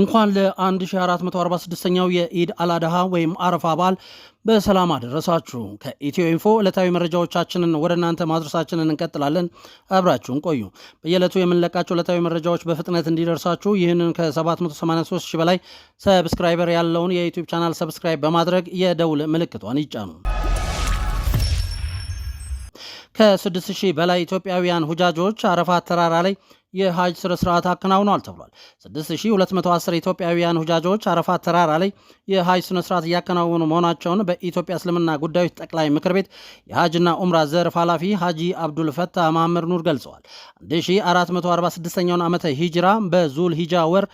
እንኳን ለ1446ኛው የኢድ አላድሃ ወይም አረፋ በዓል በሰላም አደረሳችሁ። ከኢትዮ ኢንፎ ዕለታዊ መረጃዎቻችንን ወደ እናንተ ማድረሳችንን እንቀጥላለን። አብራችሁን ቆዩ። በየዕለቱ የምንለቃቸው ዕለታዊ መረጃዎች በፍጥነት እንዲደርሳችሁ ይህንን ከ783 ሺህ በላይ ሰብስክራይበር ያለውን የዩቲዩብ ቻናል ሰብስክራይብ በማድረግ የደውል ምልክቷን ይጫኑ። ከ6000 በላይ ኢትዮጵያውያን ሁጃጆች አረፋት ተራራ ላይ የሀጅ ስነ ስርዓት አከናውኗል ተብሏል። 6210 ኢትዮጵያውያን ሁጃጆች አረፋት ተራራ ላይ የሀጅ ስነ ስርዓት እያከናወኑ መሆናቸውን በኢትዮጵያ እስልምና ጉዳዮች ጠቅላይ ምክር ቤት የሀጅና ኡምራ ዘርፍ ኃላፊ ሀጂ አብዱልፈታ መሐመድ ኑር ገልጸዋል። 1446ኛውን ዓመተ ሂጅራ በዙል ሂጃ ወር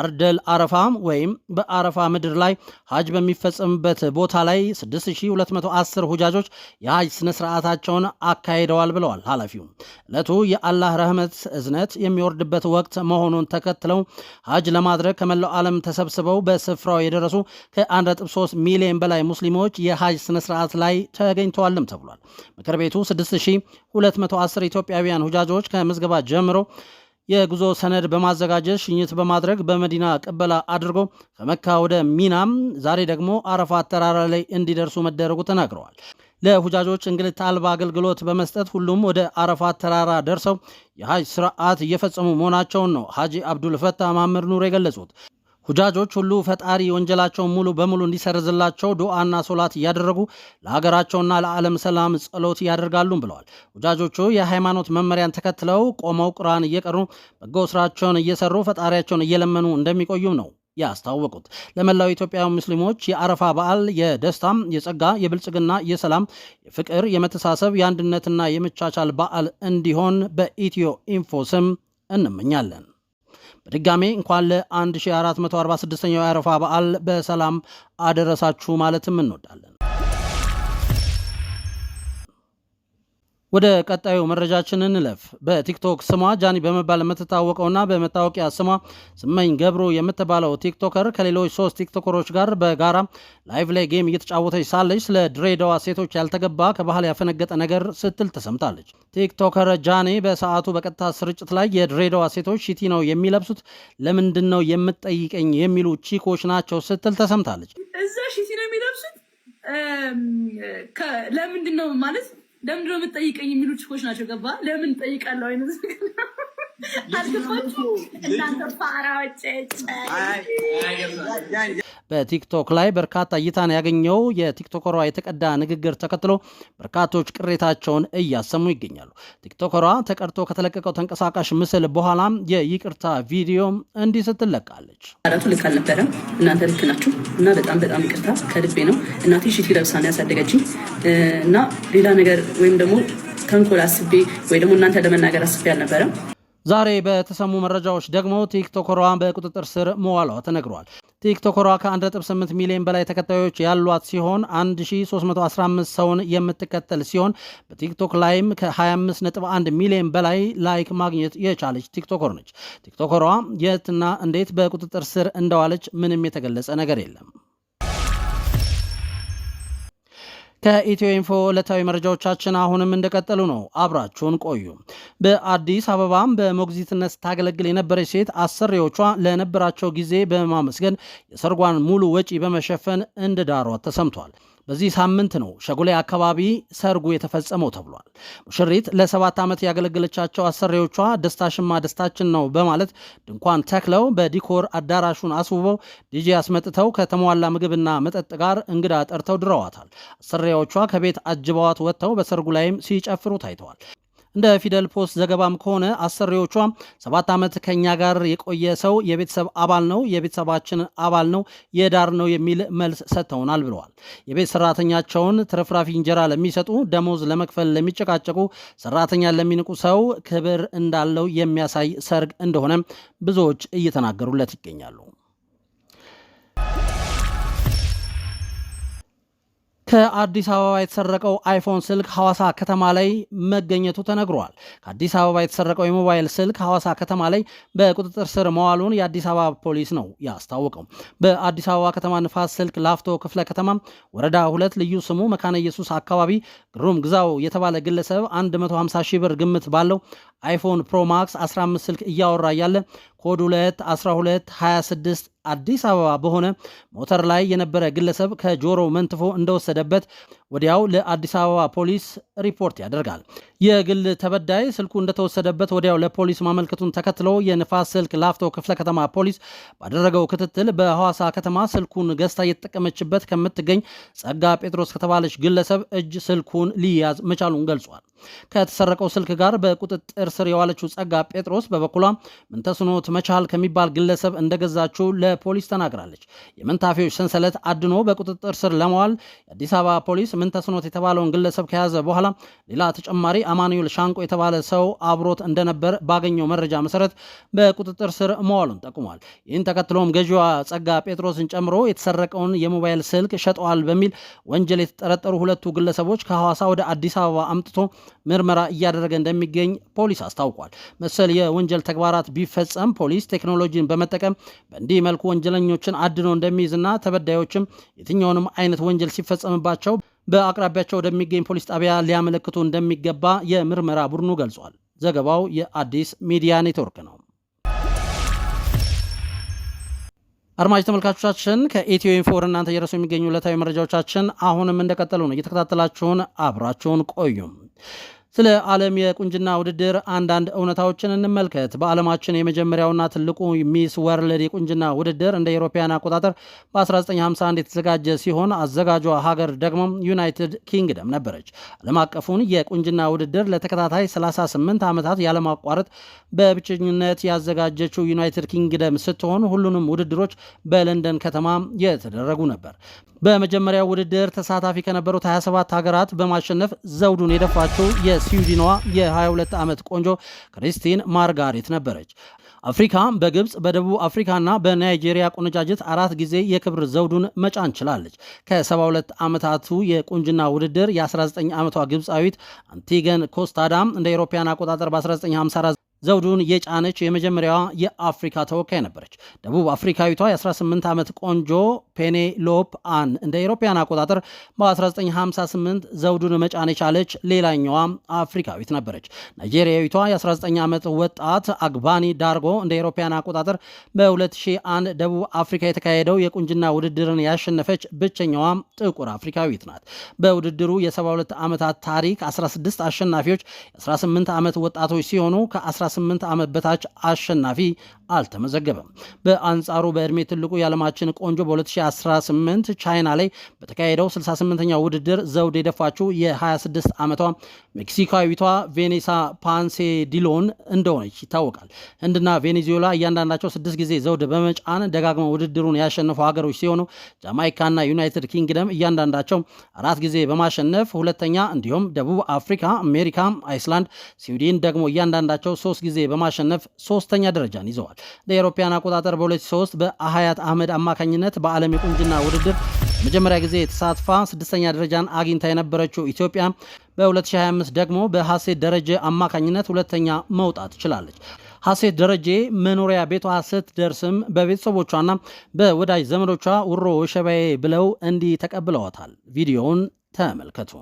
አርደል አረፋ ወይም በአረፋ ምድር ላይ ሀጅ በሚፈጸምበት ቦታ ላይ 6210 ሁጃጆች የሀጅ ስነስርዓታቸውን አካሂደዋል ብለዋል ኃላፊው። ዕለቱ የአላህ ረህመት እዝነት የሚወርድበት ወቅት መሆኑን ተከትለው ሀጅ ለማድረግ ከመላው ዓለም ተሰብስበው በስፍራው የደረሱ ከ1.3 ሚሊዮን በላይ ሙስሊሞች የሀጅ ስነስርዓት ላይ ተገኝተዋልም ተብሏል። ምክር ቤቱ 6210 ኢትዮጵያውያን ሁጃጆች ከምዝገባ ጀምሮ የጉዞ ሰነድ በማዘጋጀት ሽኝት በማድረግ በመዲና ቅበላ አድርጎ ከመካ ወደ ሚናም ዛሬ ደግሞ አረፋት ተራራ ላይ እንዲደርሱ መደረጉ ተናግረዋል። ለሁጃጆች እንግልት አልባ አገልግሎት በመስጠት ሁሉም ወደ አረፋት ተራራ ደርሰው የሀጅ ስርዓት እየፈጸሙ መሆናቸውን ነው ሀጂ አብዱልፈታ ማመር ኑር የገለጹት። ሁጃጆች ሁሉ ፈጣሪ ወንጀላቸውን ሙሉ በሙሉ እንዲሰርዝላቸው ዱዓና ሶላት እያደረጉ ለሀገራቸውና ለዓለም ሰላም ጸሎት እያደርጋሉም ብለዋል። ሁጃጆቹ የሃይማኖት መመሪያን ተከትለው ቆመው ቁርአን እየቀሩ በጎ ስራቸውን እየሰሩ ፈጣሪያቸውን እየለመኑ እንደሚቆዩም ነው ያስታወቁት። ለመላው ኢትዮጵያ ሙስሊሞች የአረፋ በዓል የደስታ የጸጋ፣ የብልጽግና፣ የሰላም፣ የፍቅር፣ የመተሳሰብ፣ የአንድነትና የመቻቻል በዓል እንዲሆን በኢትዮ ኢንፎ ስም እንመኛለን። በድጋሜ እንኳን ለ1446ኛው የአረፋ በዓል በሰላም አደረሳችሁ ማለትም እንወዳለን። ወደ ቀጣዩ መረጃችን እንለፍ። በቲክቶክ ስሟ ጃኒ በመባል የምትታወቀውና በመታወቂያ ስሟ ስመኝ ገብሩ የምትባለው ቲክቶከር ከሌሎች ሶስት ቲክቶከሮች ጋር በጋራ ላይቭ ላይ ጌም እየተጫወተች ሳለች ስለ ድሬዳዋ ሴቶች ያልተገባ ከባህል ያፈነገጠ ነገር ስትል ተሰምታለች። ቲክቶከር ጃኒ በሰዓቱ በቀጥታ ስርጭት ላይ የድሬዳዋ ሴቶች ሺቲ ነው የሚለብሱት፣ ለምንድን ነው የምትጠይቀኝ የሚሉ ቺኮች ናቸው ስትል ተሰምታለች። እዛ ሺቲ ነው የሚለብሱት ለምንድን ነው ማለት ለምንድን ነው የምትጠይቀኝ የሚሉ ችኮች ናቸው። ገባ ለምን ጠይቃለሁ አይነት በቲክቶክ ላይ በርካታ እይታን ያገኘው የቲክቶከሯ የተቀዳ ንግግር ተከትሎ በርካቶች ቅሬታቸውን እያሰሙ ይገኛሉ። ቲክቶከሯ ተቀድቶ ከተለቀቀው ተንቀሳቃሽ ምስል በኋላም የይቅርታ ቪዲዮም እንዲህ ስትለቃለች። አራቱ ልክ አልነበረም። እናንተ ልክ ናችሁ እና በጣም በጣም ይቅርታ ከልቤ ነው። እናቴ ሽቲ ለብሳ ነው ያሳደገችኝ እና ሌላ ነገር ወይም ደግሞ ተንኮል አስቤ ወይ ደግሞ እናንተ ለመናገር አስቤ አልነበረም። ዛሬ በተሰሙ መረጃዎች ደግሞ ቲክቶከሯ በቁጥጥር ስር መዋሏ ተነግሯል። ቲክቶከሯ ከ1.8 ሚሊዮን በላይ ተከታዮች ያሏት ሲሆን 1315 ሰውን የምትከተል ሲሆን በቲክቶክ ላይም ከ25.1 ሚሊዮን በላይ ላይክ ማግኘት የቻለች ቲክቶከር ነች። ቲክቶከሯ የትና እንዴት በቁጥጥር ስር እንደዋለች ምንም የተገለጸ ነገር የለም። ከኢትዮ ኢንፎ ዕለታዊ መረጃዎቻችን አሁንም እንደቀጠሉ ነው። አብራችሁን ቆዩ። በአዲስ አበባም በሞግዚትነት ስታገለግል የነበረች ሴት አሰሪዎቿ ለነበራቸው ጊዜ በማመስገን የሰርጓን ሙሉ ወጪ በመሸፈን እንደዳሯት ተሰምቷል። በዚህ ሳምንት ነው ሸጎሌ አካባቢ ሰርጉ የተፈጸመው ተብሏል። ሙሽሪት ለሰባት ዓመት ያገለገለቻቸው አሰሪዎቿ ደስታሽማ ደስታችን ነው በማለት ድንኳን ተክለው በዲኮር አዳራሹን አስውበው ዲጂ አስመጥተው ከተሟላ ምግብና መጠጥ ጋር እንግዳ ጠርተው ድረዋታል። አሰሪዎቿ ከቤት አጅበዋት ወጥተው በሰርጉ ላይም ሲጨፍሩ ታይተዋል። እንደ ፊደል ፖስት ዘገባም ከሆነ አሰሪዎቿ ሰባት ዓመት ከኛ ጋር የቆየ ሰው የቤተሰብ አባል ነው፣ የቤተሰባችን አባል ነው፣ የዳር ነው የሚል መልስ ሰጥተውናል ብለዋል። የቤት ሰራተኛቸውን ትርፍራፊ እንጀራ ለሚሰጡ፣ ደሞዝ ለመክፈል ለሚጨቃጨቁ፣ ሰራተኛን ለሚንቁ ሰው ክብር እንዳለው የሚያሳይ ሰርግ እንደሆነ ብዙዎች እየተናገሩለት ይገኛሉ። ከአዲስ አበባ የተሰረቀው አይፎን ስልክ ሐዋሳ ከተማ ላይ መገኘቱ ተነግሯል። ከአዲስ አበባ የተሰረቀው የሞባይል ስልክ ሐዋሳ ከተማ ላይ በቁጥጥር ስር መዋሉን የአዲስ አበባ ፖሊስ ነው ያስታወቀው። በአዲስ አበባ ከተማ ንፋስ ስልክ ላፍቶ ክፍለ ከተማ ወረዳ ሁለት ልዩ ስሙ መካነ ኢየሱስ አካባቢ ግሩም ግዛው የተባለ ግለሰብ 150 ሺህ ብር ግምት ባለው አይፎን ፕሮ ማክስ 15 ስልክ እያወራ እያለ ኮድ 2 12 26 አዲስ አበባ በሆነ ሞተር ላይ የነበረ ግለሰብ ከጆሮ መንትፎ እንደወሰደበት ወዲያው ለአዲስ አበባ ፖሊስ ሪፖርት ያደርጋል። የግል ተበዳይ ስልኩ እንደተወሰደበት ወዲያው ለፖሊስ ማመልከቱን ተከትሎ የንፋስ ስልክ ላፍቶ ክፍለ ከተማ ፖሊስ ባደረገው ክትትል በሐዋሳ ከተማ ስልኩን ገዝታ እየተጠቀመችበት ከምትገኝ ጸጋ ጴጥሮስ ከተባለች ግለሰብ እጅ ስልኩን ሊያዝ መቻሉን ገልጿል። ከተሰረቀው ስልክ ጋር በቁጥጥር ስር የዋለችው ጸጋ ጴጥሮስ በበኩሏ ምንተስኖት መቻል ከሚባል ግለሰብ እንደገዛችው ለፖሊስ ተናግራለች። የመንታፊዎች ሰንሰለት አድኖ በቁጥጥር ስር ለመዋል የአዲስ አበባ ፖሊስ ተስኖት የተባለውን ግለሰብ ከያዘ በኋላ ሌላ ተጨማሪ አማኑኤል ሻንቆ የተባለ ሰው አብሮት እንደነበር ባገኘው መረጃ መሰረት በቁጥጥር ስር መዋሉን ጠቁሟል። ይህን ተከትሎም ገዢዋ ጸጋ ጴጥሮስን ጨምሮ የተሰረቀውን የሞባይል ስልክ ሸጠዋል በሚል ወንጀል የተጠረጠሩ ሁለቱ ግለሰቦች ከሐዋሳ ወደ አዲስ አበባ አምጥቶ ምርመራ እያደረገ እንደሚገኝ ፖሊስ አስታውቋል። መሰል የወንጀል ተግባራት ቢፈጸም ፖሊስ ቴክኖሎጂን በመጠቀም በእንዲህ መልኩ ወንጀለኞችን አድኖ እንደሚይዝና ተበዳዮችም የትኛውንም አይነት ወንጀል ሲፈጸምባቸው በአቅራቢያቸው ወደሚገኝ ፖሊስ ጣቢያ ሊያመለክቱ እንደሚገባ የምርመራ ቡድኑ ገልጿል። ዘገባው የአዲስ ሚዲያ ኔትወርክ ነው። አድማጭ ተመልካቾቻችን ከኢትዮ ኢንፎ ወደ እናንተ እየደረሱ የሚገኙ ዕለታዊ መረጃዎቻችን አሁንም እንደቀጠሉ ነው። እየተከታተላችሁን አብራችሁን ቆዩም። ስለ ዓለም የቁንጅና ውድድር አንዳንድ እውነታዎችን እንመልከት። በዓለማችን የመጀመሪያውና ትልቁ ሚስ ወርልድ የቁንጅና ውድድር እንደ ኤሮፓያን አቆጣጠር በ1951 የተዘጋጀ ሲሆን አዘጋጇ ሀገር ደግሞ ዩናይትድ ኪንግደም ነበረች። ዓለም አቀፉን የቁንጅና ውድድር ለተከታታይ 38 ዓመታት ያለማቋረጥ በብቸኝነት ያዘጋጀችው ዩናይትድ ኪንግደም ስትሆን ሁሉንም ውድድሮች በለንደን ከተማ የተደረጉ ነበር። በመጀመሪያው ውድድር ተሳታፊ ከነበሩት 27 ሀገራት በማሸነፍ ዘውዱን የደፋችው የ ስዊድኗ የ22 ዓመት ቆንጆ ክሪስቲን ማርጋሪት ነበረች። አፍሪካ በግብፅ በደቡብ አፍሪካና በናይጄሪያ ቆነጃጀት አራት ጊዜ የክብር ዘውዱን መጫን ችላለች። ከ72 ዓመታቱ የቁንጅና ውድድር የ19 ዓመቷ ግብፃዊት አንቲገን ኮስታዳም እንደ አውሮፓውያን አቆጣጠር በ1954 ዘውዱን የጫነች የመጀመሪያዋ የአፍሪካ ተወካይ ነበረች። ደቡብ አፍሪካዊቷ የ18 ዓመት ቆንጆ ፔኔሎፕ አን እንደ አውሮፓውያን አቆጣጠር በ1958 ዘውዱን መጫን የቻለች ሌላኛዋ አፍሪካዊት ነበረች። ናይጄሪያዊቷ የ19 ዓመት ወጣት አግባኒ ዳርጎ እንደ አውሮፓውያን አቆጣጠር በ2001 ደቡብ አፍሪካ የተካሄደው የቁንጅና ውድድርን ያሸነፈች ብቸኛዋ ጥቁር አፍሪካዊት ናት። በውድድሩ የ72 ዓመታት ታሪክ 16 አሸናፊዎች የ18 ዓመት ወጣቶች ሲሆኑ ከ 18 ዓመት በታች አሸናፊ አልተመዘገበም። በአንጻሩ በእድሜ ትልቁ የዓለማችን ቆንጆ በ2018 ቻይና ላይ በተካሄደው 68ኛ ውድድር ዘውድ የደፋችው የ26 ዓመቷ ሜክሲካዊቷ ቬኔሳ ፓንሴዲሎን እንደሆነች ይታወቃል። ህንድና ቬኔዙዌላ እያንዳንዳቸው ስድስት ጊዜ ዘውድ በመጫን ደጋግመው ውድድሩን ያሸነፉ ሀገሮች ሲሆኑ ጃማይካና ዩናይትድ ኪንግደም እያንዳንዳቸው አራት ጊዜ በማሸነፍ ሁለተኛ፣ እንዲሁም ደቡብ አፍሪካ፣ አሜሪካ፣ አይስላንድ፣ ስዊድን ደግሞ እያንዳንዳቸው ሶስት ሶስት ጊዜ በማሸነፍ ሶስተኛ ደረጃን ይዘዋል። እንደ አቆጣጠር በ2003 በአሀያት አህመድ አማካኝነት በዓለም የቁንጅና ውድድር መጀመሪያ ጊዜ ተሳትፋ ስድስተኛ ደረጃን አግኝታ የነበረችው ኢትዮጵያ በ2025 ደግሞ በሐሴት ደረጀ አማካኝነት ሁለተኛ መውጣት ችላለች። ሐሴት ደረጀ መኖሪያ ቤቷ ስትደርስም በቤተሰቦቿና በወዳጅ ዘመዶቿ ውሮ ሸባዬ ብለው እንዲህ ተቀብለዋታል። ቪዲዮውን ተመልከቱ።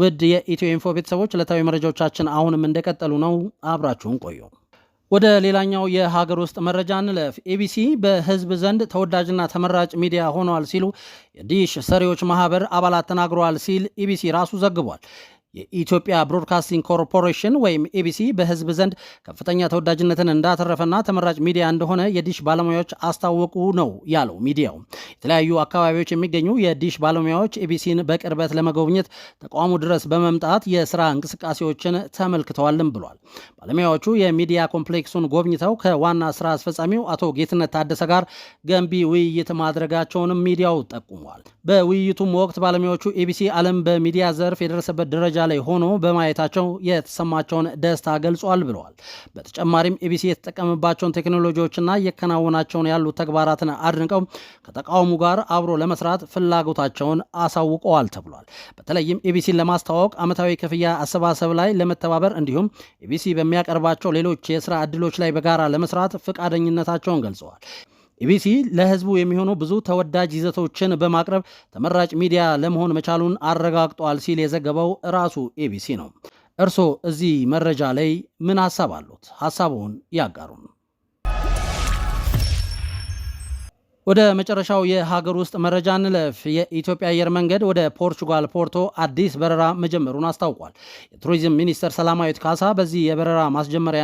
ውድ የኢትዮ ኢንፎ ቤተሰቦች ዕለታዊ መረጃዎቻችን አሁንም እንደቀጠሉ ነው። አብራችሁን ቆዩ። ወደ ሌላኛው የሀገር ውስጥ መረጃ እንለፍ። ኤቢሲ በህዝብ ዘንድ ተወዳጅና ተመራጭ ሚዲያ ሆኗል ሲሉ የዲሽ ሰሪዎች ማህበር አባላት ተናግረዋል ሲል ኢቢሲ ራሱ ዘግቧል። የኢትዮጵያ ብሮድካስቲንግ ኮርፖሬሽን ወይም ኤቢሲ በህዝብ ዘንድ ከፍተኛ ተወዳጅነትን እንዳተረፈና ተመራጭ ሚዲያ እንደሆነ የዲሽ ባለሙያዎች አስታወቁ ነው ያለው ሚዲያው። የተለያዩ አካባቢዎች የሚገኙ የዲሽ ባለሙያዎች ኤቢሲን በቅርበት ለመጎብኘት ተቋሙ ድረስ በመምጣት የስራ እንቅስቃሴዎችን ተመልክተዋልም ብሏል። ባለሙያዎቹ የሚዲያ ኮምፕሌክሱን ጎብኝተው ከዋና ስራ አስፈጻሚው አቶ ጌትነት ታደሰ ጋር ገንቢ ውይይት ማድረጋቸውንም ሚዲያው ጠቁሟል። በውይይቱም ወቅት ባለሙያዎቹ ኤቢሲ ዓለም በሚዲያ ዘርፍ የደረሰበት ደረጃ ላይ ሆኖ በማየታቸው የተሰማቸውን ደስታ ገልጿል ብለዋል። በተጨማሪም ኤቢሲ የተጠቀመባቸውን ቴክኖሎጂዎችና እየከናወናቸውን ያሉ ተግባራትን አድንቀው ከተቃውሙ ጋር አብሮ ለመስራት ፍላጎታቸውን አሳውቀዋል ተብሏል። በተለይም ኤቢሲን ለማስተዋወቅ ዓመታዊ ክፍያ አሰባሰብ ላይ ለመተባበር እንዲሁም ኤቢሲ በሚያቀርባቸው ሌሎች የስራ እድሎች ላይ በጋራ ለመስራት ፍቃደኝነታቸውን ገልጸዋል። ኢቢሲ ለህዝቡ የሚሆኑ ብዙ ተወዳጅ ይዘቶችን በማቅረብ ተመራጭ ሚዲያ ለመሆን መቻሉን አረጋግጧል ሲል የዘገበው ራሱ ኢቢሲ ነው። እርስዎ እዚህ መረጃ ላይ ምን ሀሳብ አሉት? ሀሳቡን ያጋሩን። ወደ መጨረሻው የሀገር ውስጥ መረጃ እንለፍ። የኢትዮጵያ አየር መንገድ ወደ ፖርቹጋል ፖርቶ አዲስ በረራ መጀመሩን አስታውቋል። የቱሪዝም ሚኒስትር ሰላማዊት ካሳ በዚህ የበረራ ማስጀመሪያ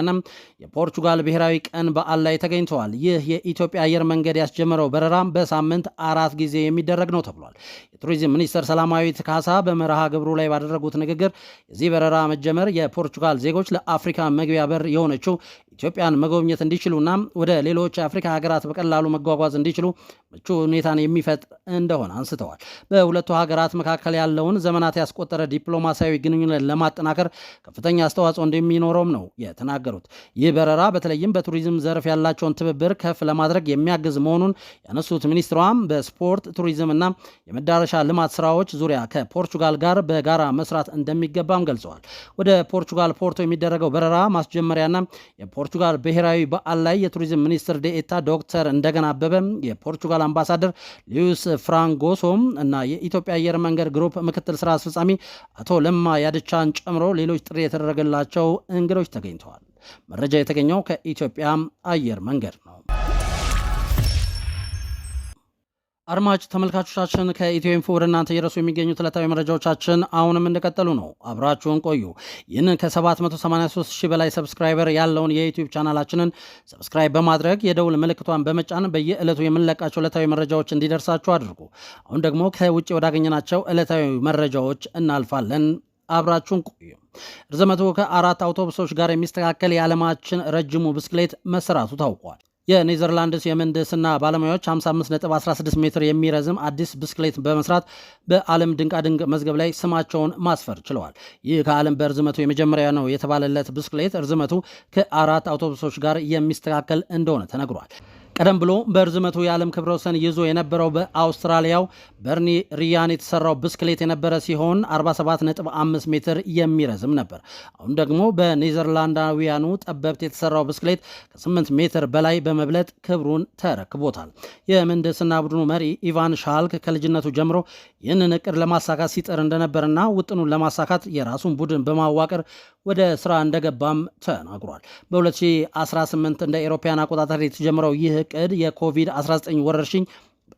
የፖርቹጋል ብሔራዊ ቀን በዓል ላይ ተገኝተዋል። ይህ የኢትዮጵያ አየር መንገድ ያስጀመረው በረራ በሳምንት አራት ጊዜ የሚደረግ ነው ተብሏል። የቱሪዝም ሚኒስትር ሰላማዊት ካሳ በመርሃ ግብሩ ላይ ባደረጉት ንግግር የዚህ በረራ መጀመር የፖርቹጋል ዜጎች ለአፍሪካ መግቢያ በር የሆነችው ኢትዮጵያን መጎብኘት እንዲችሉና ወደ ሌሎች የአፍሪካ ሀገራት በቀላሉ መጓጓዝ እንዲችሉ ምቹ ሁኔታን የሚፈጥር እንደሆነ አንስተዋል። በሁለቱ ሀገራት መካከል ያለውን ዘመናት ያስቆጠረ ዲፕሎማሲያዊ ግንኙነት ለማጠናከር ከፍተኛ አስተዋጽኦ እንደሚኖረውም ነው የተናገሩት። ይህ በረራ በተለይም በቱሪዝም ዘርፍ ያላቸውን ትብብር ከፍ ለማድረግ የሚያግዝ መሆኑን ያነሱት ሚኒስትሯም በስፖርት ቱሪዝምና የመዳረሻ ልማት ስራዎች ዙሪያ ከፖርቹጋል ጋር በጋራ መስራት እንደሚገባም ገልጸዋል። ወደ ፖርቹጋል ፖርቶ የሚደረገው በረራ ማስጀመሪያና የፖርቹጋል ብሔራዊ በዓል ላይ የቱሪዝም ሚኒስትር ዴኤታ ዶክተር እንደገና አበበ የፖርቹጋል ቃል አምባሳደር ሊዩስ ፍራንጎሶም እና የኢትዮጵያ አየር መንገድ ግሩፕ ምክትል ስራ አስፈጻሚ አቶ ለማ ያድቻን ጨምሮ ሌሎች ጥሪ የተደረገላቸው እንግዶች ተገኝተዋል። መረጃ የተገኘው ከኢትዮጵያ አየር መንገድ ነው። አድማጭ ተመልካቾቻችን ከኢትዮ ኢንፎ ወደ እናንተ እየደረሱ የሚገኙ ዕለታዊ መረጃዎቻችን አሁንም እንደቀጠሉ ነው። አብራችሁን ቆዩ። ይህን ከ783 ሺህ በላይ ሰብስክራይበር ያለውን የዩቲዩብ ቻናላችንን ሰብስክራይብ በማድረግ የደውል ምልክቷን በመጫን በየዕለቱ የምንለቃቸው ዕለታዊ መረጃዎች እንዲደርሳችሁ አድርጉ። አሁን ደግሞ ከውጭ ወዳገኘናቸው ዕለታዊ መረጃዎች እናልፋለን። አብራችሁን ቆዩ። ርዝመቱ ከአራት አውቶቡሶች ጋር የሚስተካከል የዓለማችን ረጅሙ ብስክሌት መሰራቱ ታውቋል። የኔዘርላንድስ የምህንድስና ባለሙያዎች 55.16 ሜትር የሚረዝም አዲስ ብስክሌት በመስራት በዓለም ድንቃድንቅ መዝገብ ላይ ስማቸውን ማስፈር ችለዋል። ይህ ከዓለም በርዝመቱ የመጀመሪያ ነው የተባለለት ብስክሌት ርዝመቱ ከአራት አውቶቡሶች ጋር የሚስተካከል እንደሆነ ተነግሯል። ቀደም ብሎ በርዝመቱ የዓለም ክብረ ወሰን ይዞ የነበረው በአውስትራሊያው በርኒ ሪያን የተሰራው ብስክሌት የነበረ ሲሆን 47.5 ሜትር የሚረዝም ነበር። አሁን ደግሞ በኔዘርላንዳውያኑ ጠበብት የተሰራው ብስክሌት ከ8 ሜትር በላይ በመብለጥ ክብሩን ተረክቦታል። የምህንድስና ቡድኑ መሪ ኢቫን ሻልክ ከልጅነቱ ጀምሮ ይህንን እቅድ ለማሳካት ሲጥር እንደነበርና ውጥኑን ለማሳካት የራሱን ቡድን በማዋቀር ወደ ስራ እንደገባም ተናግሯል። በ2018 እንደ ኤሮፓያን አቆጣጠር የተጀመረው ይህ እቅድ የኮቪድ-19 ወረርሽኝ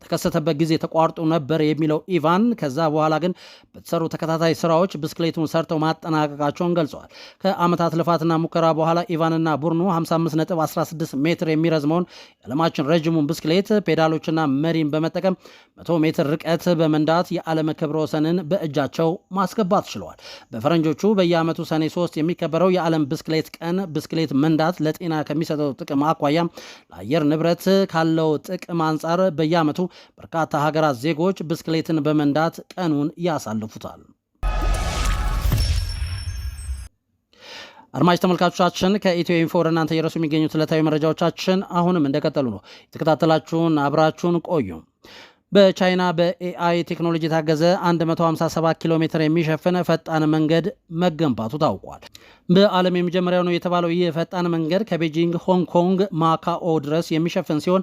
በተከሰተበት ጊዜ ተቋርጦ ነበር የሚለው ኢቫን ከዛ በኋላ ግን በተሰሩ ተከታታይ ስራዎች ብስክሌቱን ሰርተው ማጠናቀቃቸውን ገልጸዋል። ከአመታት ልፋትና ሙከራ በኋላ ኢቫንና ቡድኑ 55.16 ሜትር የሚረዝመውን የዓለማችን ረዥሙን ብስክሌት ፔዳሎችና መሪን በመጠቀም 100 ሜትር ርቀት በመንዳት የዓለም ክብረ ወሰንን በእጃቸው ማስገባት ችለዋል። በፈረንጆቹ በየዓመቱ ሰኔ 3 የሚከበረው የዓለም ብስክሌት ቀን ብስክሌት መንዳት ለጤና ከሚሰጠው ጥቅም አኳያ ለአየር ንብረት ካለው ጥቅም አንጻር በየዓመቱ በርካታ ሀገራት ዜጎች ብስክሌትን በመንዳት ቀኑን ያሳልፉታል። አድማጭ ተመልካቾቻችን ከኢትዮ ኢንፎ ወደ እናንተ እየደረሱ የሚገኙት ዕለታዊ መረጃዎቻችን አሁንም እንደቀጠሉ ነው። የተከታተላችሁን አብራችሁን ቆዩ። በቻይና በኤአይ ቴክኖሎጂ የታገዘ 157 ኪሎ ሜትር የሚሸፍን ፈጣን መንገድ መገንባቱ ታውቋል። በዓለም የመጀመሪያው ነው የተባለው ይህ ፈጣን መንገድ ከቤጂንግ ሆንግ ኮንግ ማካኦ ድረስ የሚሸፍን ሲሆን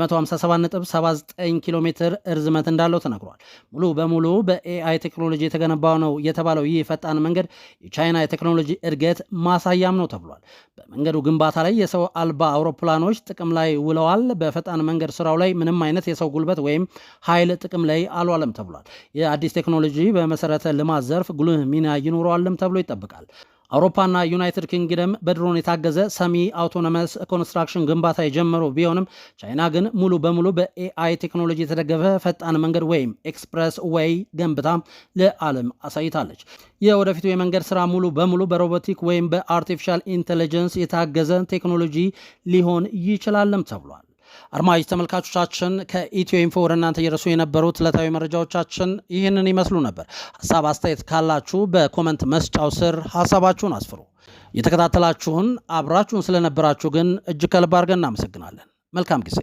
157.79 ኪሎ ሜትር እርዝመት እንዳለው ተነግሯል። ሙሉ በሙሉ በኤአይ ቴክኖሎጂ የተገነባው ነው የተባለው ይህ ፈጣን መንገድ የቻይና የቴክኖሎጂ እድገት ማሳያም ነው ተብሏል። በመንገዱ ግንባታ ላይ የሰው አልባ አውሮፕላኖች ጥቅም ላይ ውለዋል። በፈጣን መንገድ ስራው ላይ ምንም አይነት የሰው ጉልበት ወይም ኃይል ጥቅም ላይ አልዋለም ተብሏል። የአዲስ ቴክኖሎጂ በመሰረተ ልማት ዘርፍ ጉልህ ሚና ይኖረዋልም ተብሎ ይጠበቃል። አውሮፓና ዩናይትድ ኪንግደም በድሮን የታገዘ ሰሚ አውቶኖመስ ኮንስትራክሽን ግንባታ የጀመሩ ቢሆንም ቻይና ግን ሙሉ በሙሉ በኤአይ ቴክኖሎጂ የተደገፈ ፈጣን መንገድ ወይም ኤክስፕረስ ዌይ ገንብታ ለዓለም አሳይታለች። የወደፊቱ የመንገድ ስራ ሙሉ በሙሉ በሮቦቲክ ወይም በአርቲፊሻል ኢንቴሊጀንስ የታገዘ ቴክኖሎጂ ሊሆን ይችላልም ተብሏል። አድማጭ ተመልካቾቻችን ከኢትዮ ኢንፎ ወደ እናንተ እየደረሱ የነበሩት ዕለታዊ መረጃዎቻችን ይህንን ይመስሉ ነበር። ሀሳብ አስተያየት ካላችሁ በኮመንት መስጫው ስር ሀሳባችሁን አስፍሩ። የተከታተላችሁን አብራችሁን ስለነበራችሁ ግን እጅግ ከልብ አድርገን እናመሰግናለን። መልካም ጊዜ